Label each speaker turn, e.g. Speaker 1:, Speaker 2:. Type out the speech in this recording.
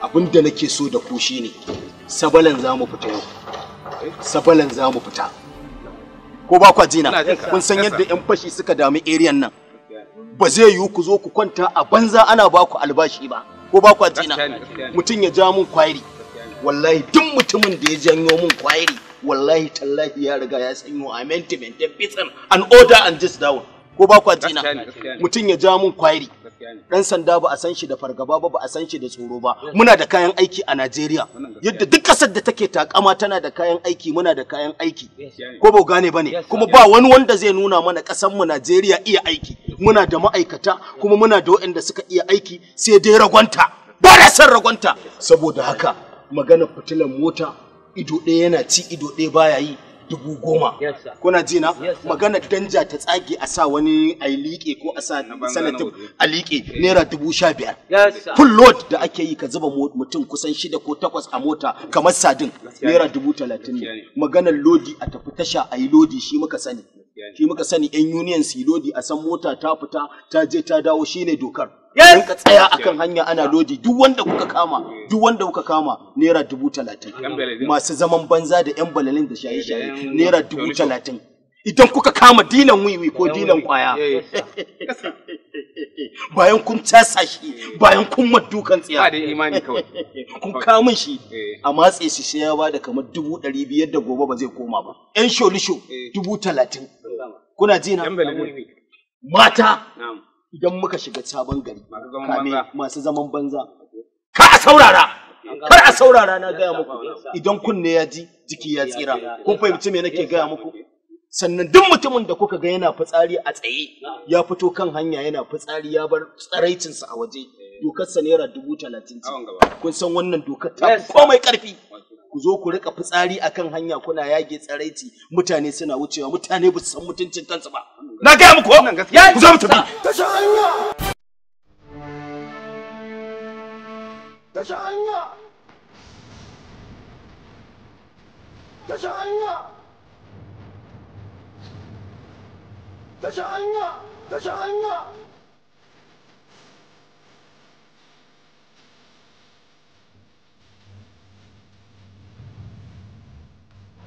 Speaker 1: abin da nake so da ku ne sabalan za mu fita yau sabalan za mu fita ko ba kwa jina kun san yadda yan fashi suka dami eriyan nan ba zai yiwu ku zo ku kwanta a banza ana ba ku albashi ba ko ba kwa jina mutum ya ja mun kwairi wallahi duk mutumin da ya janyo mun kwairi wallahi tallahi ya riga ya sanyo amendment an order and just down ko ba kwa jina mutum ya ja mun kwairi dan sanda ba a san shi da fargaba ba ba a san shi da tsoro ba muna da kayan aiki a Najeriya yadda duk kasar da take takama tana da kayan aiki muna da kayan aiki ko ba gane bane kuma ba wani wanda zai nuna mana kasar mu Najeriya iya aiki muna da ma'aikata kuma muna da waɗanda suka iya aiki sai dai ragwanta ba da san ragwanta saboda haka magana fitilan mota ido ɗaya yana ci ido ɗaya baya yi dubu goma kuna ji na magana danja ta tsage a sa wani a liƙe ko a sa sanatin a liƙe naira dubu sha biyar full load da ake yi ka zuba mutum kusan shida ko takwas a mota kamar sadin naira dubu talatin ne maganar lodi a tafi tasha a yi lodi shi muka sani shi muka sani yan union lodi a san mota ta fita ta je ta dawo shine dokar in ka tsaya akan hanya ana lodi duk wanda kuka kama duk wanda kuka kama naira dubu talatin masu zaman banza da yan balalin da shaye-shaye naira dubu talatin idan kuka kama dilan wiwi ko dilan kwaya bayan kun casa shi bayan kun dukan tsiya kun kamun shi eh. a matse shi sai ya bada kamar dubu ɗari biyar da gobe ba zai koma ba yan sholisho eh. dubu talatin kuna ji na mata idan muka shiga sabon gari masu zaman banza ka a saurara kar a saurara na gaya muku idan kunne ya ji jiki ya tsira kun fahimci me nake gaya muku sannan duk mutumin da kuka ga yana fitsari a tsaye ya fito kan hanya yana fitsari ya bar tsaraicinsa a waje eh. dokar sa naira dubu talatin kun san wannan dokar ta komai karfi zo ku rika fitsari akan hanya kuna yage tsaraiti mutane suna wucewa mutane ba su san mutuncin kansu ba na gaya muku ya ku zo mu tafi tasha hanya tasha hanya tasha hanya hanya hanya